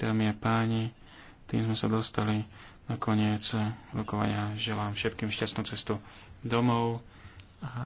Dámy a páni, tým sme sa dostali na koniec rokovania. Želám všetkým šťastnú cestu domov.